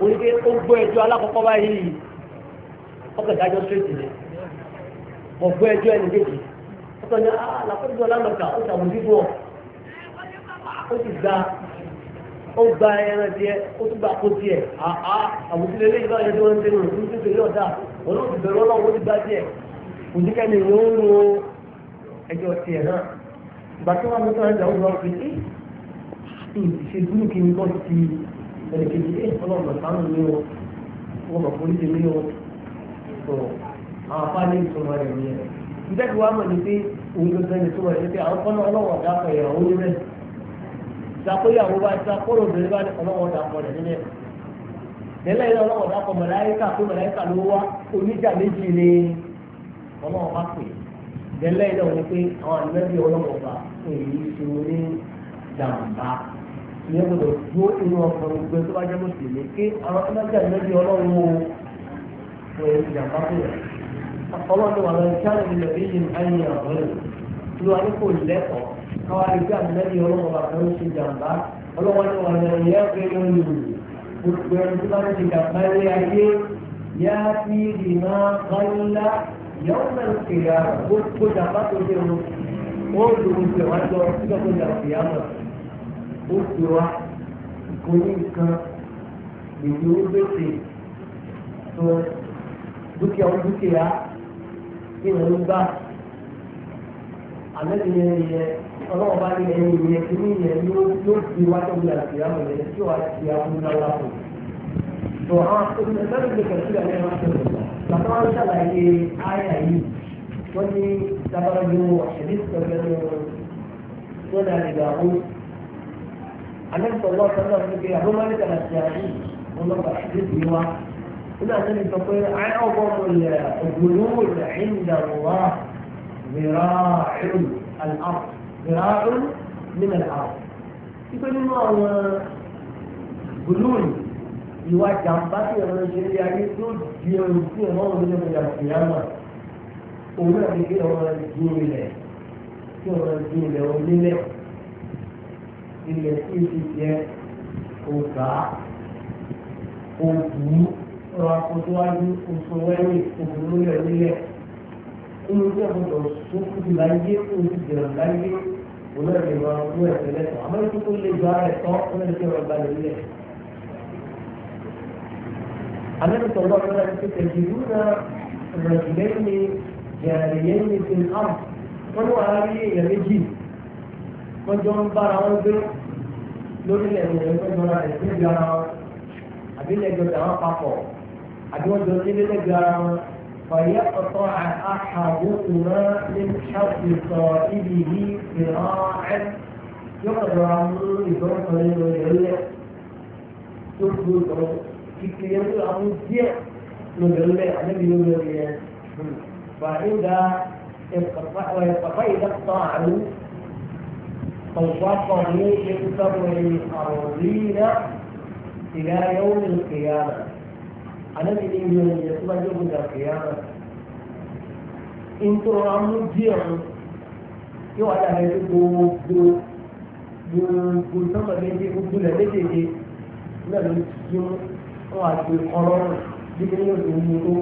ó ní pé ó gbọ́ ẹjọ́ alákọ̀ọ́kọ́ báyìí ọkọ̀ ìdájọ́ ṣèṣì ni mo gbọ́ ẹjọ́ ẹni ọkọ̀ ní alákọ̀ọ́dún ah, ọlámọ̀ta ó ṣàwọn bíbọ̀ ó sì gba ó gba ẹran ó tún gba àá ilé ah, ah, ìgbà yẹn ń tẹnu ọ̀dà olóòtú bẹ̀rẹ̀ ọlọ́run ìṣègùn kí n eh, lọ sí ẹnìkejì ẹ̀ ọlọ́run sánú ní o wọ́n mọ̀ polisi ní o tó àwọn afáàní ìtumọ̀ rẹ̀ ní ẹ̀. ìjẹ́kì wa mọ̀ ní pé òun gbogbo ẹni tó wà ní pé àwọn kọ́nà ọlọ́wọ̀ dápọ̀ ìyàwó ní bẹ́ẹ̀. ìdàkóyàwó bá ti sàkóró obìnrin bá ní ọlọ́wọ̀ dápọ̀ rẹ̀ nílẹ̀. délẹ̀ ilé ọlọ́wọ̀ dápọ̀ mọ̀láyíkà tó mọ̀láyíkà ló wá oníjà méjì ni ọlọ́wọ̀ bá pè. délẹ̀ ilé wọn ni pé àwọn àlùmẹ́bí ọlọ́wọ̀ bá òyìn ìṣòro ní jàǹbá ìyẹn gbọdọ̀ dúró inú ọkọ̀ gbogbo tó bá jẹ́ mùsùlùmí kí àwọn tó bá jẹ́ ìlẹ́bí ọlọ́run o kò ìjàmbá fún yẹn. ọlọ́run wà lọ́yìn sáré ilẹ̀ èyí ni ayé àwọn ẹ̀ ló wà ní kò lẹ́kọ̀ọ́ káwá lè gbé àmìlẹ́bí ọlọ́run wà lọ́yìn ṣe jàmbá ọlọ́run wà lọ́yìn yẹ́ fẹ́ lóyún gbogbo ẹni tó bá ń ṣe jàmbá ilé ayé yá fi ìrìnà kọ́lá yọ̀ọ́ mẹ́rin kìlá gbogbo jàmbá tó dé wọn ó lòun ṣèwájọ ó ti wá ìkóní nǹkan lèdè ó gbèsè tó dúkìá ó dúkìá kí ni ó gbà àlẹ́ ti yẹn yẹ ọlọ́wọ́ bá ní ẹ̀yìn yẹn kí ni yẹn yóò fi wá tó gbìyànjú àti àwọn ẹ̀yẹ tí wàá ti àwọn ńláńlá kù. tó àwọn akókò ẹgbẹ́ ìgbésẹ̀ sílẹ̀ ní ẹ̀rọ àtẹ̀wò bàtà wọn ṣàlàyé àyà yìí wọ́n ní dábàá yóò ṣẹlẹ̀ sọ̀rọ̀ lẹ́nu wọn ní àdìgbà ó النبي صلى الله عليه وسلم ní pé àbúrò máa ń tẹ̀lé àti àyè ọlọ́pàá àdébì wa nínú àti ní sọ pé àyẹ̀wò bọ́ọ̀lù ilẹ̀ ògbólówó ilẹ̀ ìdá wà mìíràn àlùfáà mìíràn nínú àlùfáà. ipe nínú àwọn gbólóhùn ìwà jàǹbá tí ìrọ̀lẹ́ ṣe ní ayé tó di ẹrù sí ẹ̀rọ òun nínú ìjà ìyáma òun náà ní kí ọ̀rọ̀ ẹ̀ dúró ilẹ̀ kí ọ̀rọ̀ ẹ̀ dúró ilẹ̀ òun nílẹ̀ ilẹ̀ tí o ti jẹ ọ̀gá òkú ọ̀rọ̀ akọ̀tọ́wájú oṣù wẹ́rẹ́ òkúrú rẹ̀ nílẹ̀ nínú tí ẹ̀kọ́ tó sókùtù láyé oṣù jẹ̀rọ̀ láyé olóòrè wa ló ẹ̀sẹ̀ lẹ́tọ̀ àmọ́ ètò tó lè gba ẹ̀tọ́ olóòrè tí ọ̀rọ̀ balẹ̀ nílẹ̀. àmẹ́tọ̀tọ̀ lọ sọ́dọ̀ ti tẹ̀ jù ú na rẹ̀gìlẹ́yìn jẹ̀rẹ̀yẹ́yìn ti ń hàn wọ́n ní wàhálà rí lórí ẹ̀rọ ìgbẹ́jọra ìgbẹ́jọ ara wọn àbí lẹ́jọ dàwọn papọ̀ àbí wọ́n jọ nílé lẹ́jọ ara wọn fàyẹ́ ọ̀tọ̀ àhàbùkùnrin ní ṣàkóso ibi yìí ìran ẹ̀ yóò kọ̀dọ̀ àwọn ìgbọ́nsọ̀ nínú ìrẹ́lẹ̀ tó gbó ìtọ́ kíkiri ẹ̀rọ àwọn díẹ̀ nínú ìrẹ́lẹ̀ àdébí nínú ìrẹ́lẹ̀ fàyẹ́ ìdá ẹ̀fọ̀fà ìdá طوقني من سبع أرضين إلى يوم القيامة أنا بدي من يسمع يوم القيامة إن ترى عمرو جيران yóò wá dára ní gbogbo gbogbo sọ́kàn méjì gbogbo lẹ̀ méjèèjì náà ló ti mú wọn àti ọlọ́run dídí ní òṣèlú tó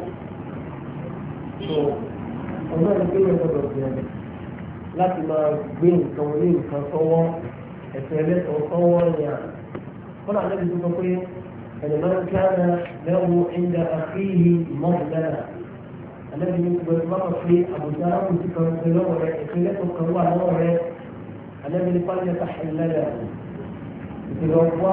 tó ọ̀nà ìpínlẹ̀ gbọdọ̀ gbẹ̀rẹ̀ láti máa gbé nǹkan orí nǹkan sọ́wọ́ ẹ̀sìn ẹlẹ́sọ̀ọ́ sọ́wọ́ yà kọ́nà àlẹ́ bìí sọ pé ẹ̀lẹ́mọ̀rún kíáná lẹ́wọ̀ ẹ̀ńdà àfihì mọ́ọ̀dára àlẹ́ bìí sọ pé máa fi àbùdá àbùdí kan ṣe lọ́wọ́ rẹ ẹ̀sìn ẹlẹ́sọ̀ọ́ kan wà lọ́wọ́ rẹ àlẹ́ bìí pàṣẹ tàhìlẹ́lẹ́ ìṣèlú ọgbà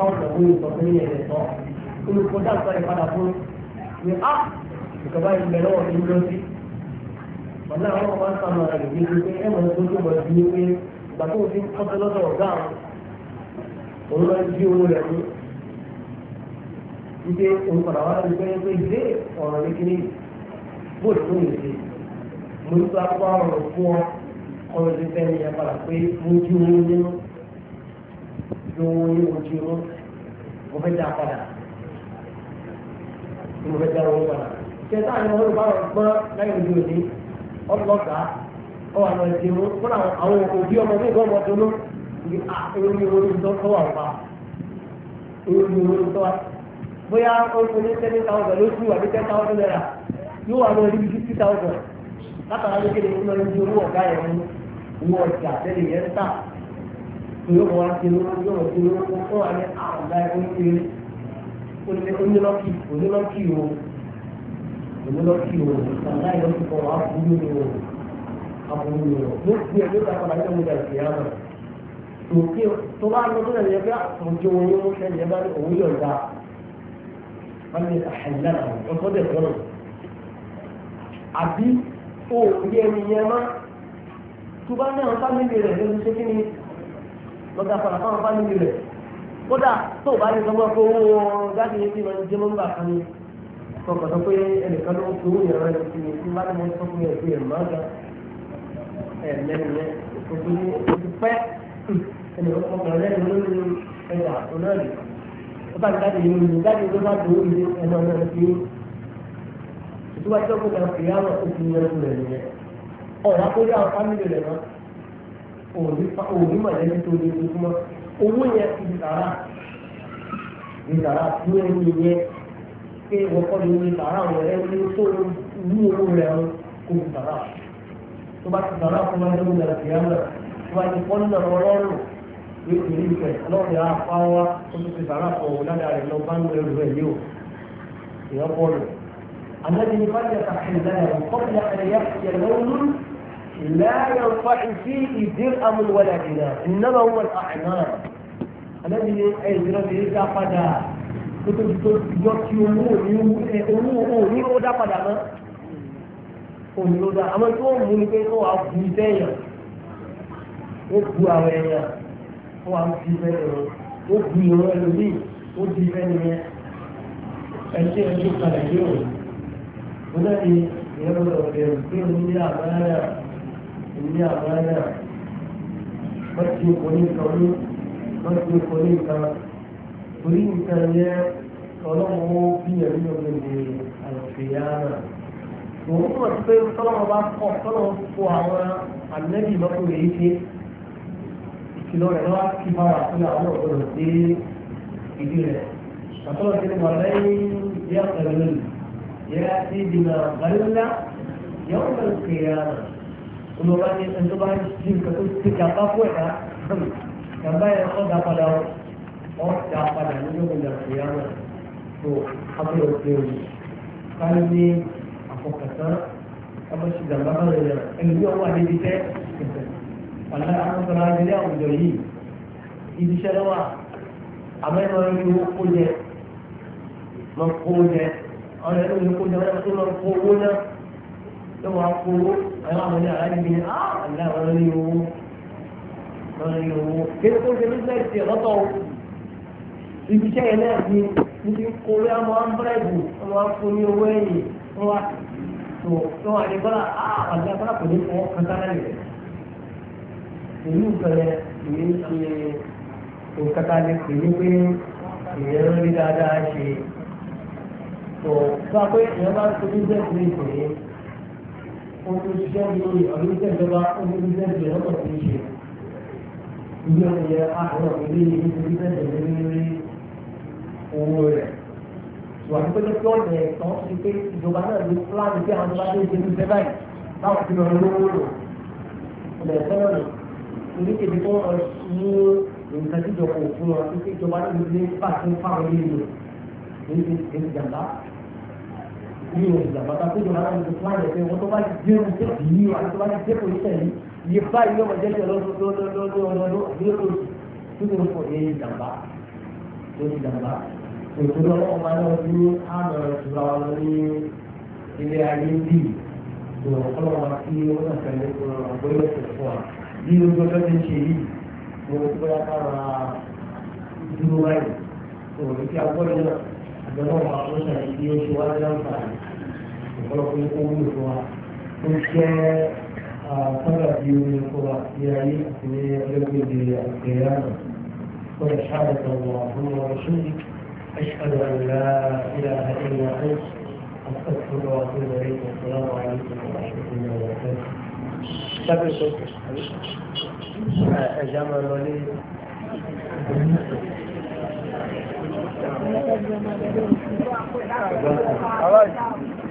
ọ̀nà àwọn ọba ń sanu ara gègé pé ẹ mọ̀ tó tó mọ̀ sí pé ìgbà tó ti ń kọ́sẹ́ lọ́dọ̀ ọ̀gá òun lọ sí owó rẹ̀ ní. Ipe òun padà pé ọ̀rọ̀ ọlọ́gà ọwọ́ àwọn ẹ̀jẹ̀ wọn fún àwọn òbí ọmọ ní ìgbọ́mọ tó ní ẹ̀rọ ìwòrò tó tọ́ wà pa ẹ̀rọ ìwòrò tó yóò wà lórí bíi yóò wọ́n ti fún àwọn ọ̀gá yẹn ó onílọ́kì onílọ́kì o èmi lọ sí o sàgá yẹn ti kọ àbúrú mi o àbúrú mi o ló fi ẹgbẹ́ ta padà yẹn mo dà sí àná òkè tó bá lọ sílẹ̀ yẹn bí àtúnjẹ wọn yóò ṣẹlẹ̀ yẹn bá ní òun yọ̀ dá wọn ní àhàlẹ́ àwọn ọ̀sọ́ dẹ̀ sọ̀rọ̀ àbí o yẹ ẹni yẹn má tó bá náà fámìlì rẹ̀ lọ́dún ṣé kí ni lọ́dà padà fáwọn fámìlì rẹ̀ kódà tó o bá ní sọ́gbọ́n fún owó tọkàn tó pé ẹnìkan ló ń fi owó yẹn rẹ sí mi tí bá ní mo sọ fún yẹn sí ẹ̀ máa ga ẹ̀ lẹ́nu yẹn kò fi kò fi pẹ́ ẹnì ọkàn lẹ́nu lórí ẹ̀yà onáàlì ó bá jáde yìí ní jáde tó bá dùn ní ẹnu ọ̀nà ti ìtúwájú ọkọ̀ kan fìyà wọn kò fi yẹn rẹ nìyẹn ọ̀rá kó yá fámìlì rẹ̀ náà òní mọ̀lẹ́bí tó ní ojoojúmọ́ owó yẹn ti dàrá ìdàrá tí ó ń yẹ pé wọ́pọ̀ ló ní bàrà rẹ̀ ní tó ní owó rẹ̀ kò ní bàrà tó bá ti bàrà fún wa lórí rẹ̀ kìí rẹ̀ tó bá ti pọ́n lọ ọlọ́run yóò fi ìfẹ́ ọlọ́run yà á ó ti fi bàrà fún òun ládàá rẹ̀ lọ bá ń lọ ẹrù rẹ̀ yóò ìyá bọ́ọ̀lù. الذي يفجر تحليله قبل أن يأتي لون لا ينفع فيه nítorí tó yọ kí owó òní owó òní ó dá padà mọ́ òní ló dá àmọ́ tí wọ́n mú ni pé wọ́n á bu iṣẹ́ èèyàn ó bu àwọn èèyàn wọ́n á bu iṣẹ́ èèyàn ó bu ìran ẹlòmíì ó di iṣẹ́ nìyẹn ẹṣẹ́ ẹṣẹ́ kalẹ̀ yìí ò ó náà ni ìyẹn lọ́dọ̀ bẹ̀rù pé ó ní àbáyà ní àbáyà wọ́n ti kò ní kan ní wọ́n ti kò ní kan torí nǹkan yẹ ọlọ́run ó bí ẹ̀rí ọ̀gbẹ̀gbẹ̀ àlùfẹ́yàmà òun náà ti pé tọ́lọ́run bá kọ̀ tọ́lọ́run fọ àwọn àlẹ́bí lọ́kùnrin yìí ṣe ìkìlọ̀ rẹ̀ lọ́wọ́ kí bá wà fún àwọn ọ̀gbọ̀n dé ìdí rẹ̀ àtọ́lọ́ ti ní wàlẹ́yìn yẹ ọ̀gbẹ̀rún yẹ ti dìnnà gbàlélá yẹ ọ̀gbẹ̀rún olùwà ni ẹni tó bá ń ṣe nǹkan tó ti kàbá fún ẹ̀dá kàbá ẹ̀ ọ́ dá padà ọ́ wọ́n dá padà nínú ìlànà ìyáwó tó abúlé òkè òní káyọ̀ ní àfọkàtà abọ́sídà bàbá rẹ̀ yẹn ẹni tí wọ́n wà níbi tẹ́ pàlẹ́ àwọn ilé àwùjọ yìí ibi iṣẹ́ lọ́wọ́ àmẹ́rin ọ̀rẹ́ ní owó kó jẹ máa kó jẹ ọ̀rẹ́ ní owó kó jẹ wọ́n ti máa kó owó náà lọ́wọ́ akó owó àwọn àwọn ilé àlájú bíi ah àlẹ́ àwọn ọ̀rẹ́ ní owó ọ̀rẹ́ ní owó kí ló kó jẹ ní ibi iṣẹ́ yẹn náà ni níbi kórè àwọn ambúrẹ́dì wọn á fún ní owó ẹ̀yìn wọn wá tó tó wà ní bọ́lá ah, àgbà bọ́lá kò ní fọwọ́ kankan náà rẹ̀ èyí ìbẹ̀rẹ̀ èyí ti òkàtà lè pè ní pé ìyẹn ń rí dáadáa ṣe tó tó a pé ìyẹn bá tó ní bẹ́ẹ̀ ní ìpè ojú iṣẹ́ lórí ọdún iṣẹ́ ìjọba ojú iṣẹ́ ìjọba tó ń ṣe ìyẹn ìyẹn àwọn ìlú ìlú iṣẹ́ ìjọba lórí owó rẹ̀ wà ní pẹ́ẹ́lí tí ọ̀nà ẹ̀sán ti pé ìjọba náà ló fúlàní bí àwọn ọba tó ń ṣe bẹ́ẹ̀ báyìí báwọn ti lọ lówó lò ọ̀nà ẹ̀sán náà ní kéde tó ń mú nǹkan tí ìjọba ò fún wọn pé ìjọba náà ló lé pàṣẹ fáwọn ilé lò èyí ti ṣe ìjàmbá ní oṣù ìjàmbá tá a ìjọba náà ló fúlàní ẹ̀ pé tó bá jẹ́ oúnjẹ yìí tó bá jẹ́ oúnjẹ yìí ti ń fọ èyí ìjàmbá tó ètò lọ́wọ́ máa náà bí àmọ̀ ìtura wọn ní ilé ayé bí ìwọ̀n ọlọ́wọ́ máa kí ó náà fẹ́lẹ́ fún ọ àgbóyè ọ̀sẹ̀ fún wa bí ojú ọjọ́ ti ń ṣe yìí mo ti bóyá kára dúró báyìí òun ti agbọ́dọ̀ náà àgbẹ̀wò máa tó ṣàyẹ̀ bí ó ṣe wá láǹfààní ọ̀pọ̀lọpọ̀ ikú wúlò fún wa ó jẹ́ sọ́dọ̀ bí omi fún wa ní ayé àti ní ọjọ́ gbèdé àti ìyá náà. ويشهد الله ورسوله أشهد أن لا إله إلا أنت أستغفر وأتوب إليك والسلام عليكم ورحمة الله وبركاته. أجمع الوليد خلاص.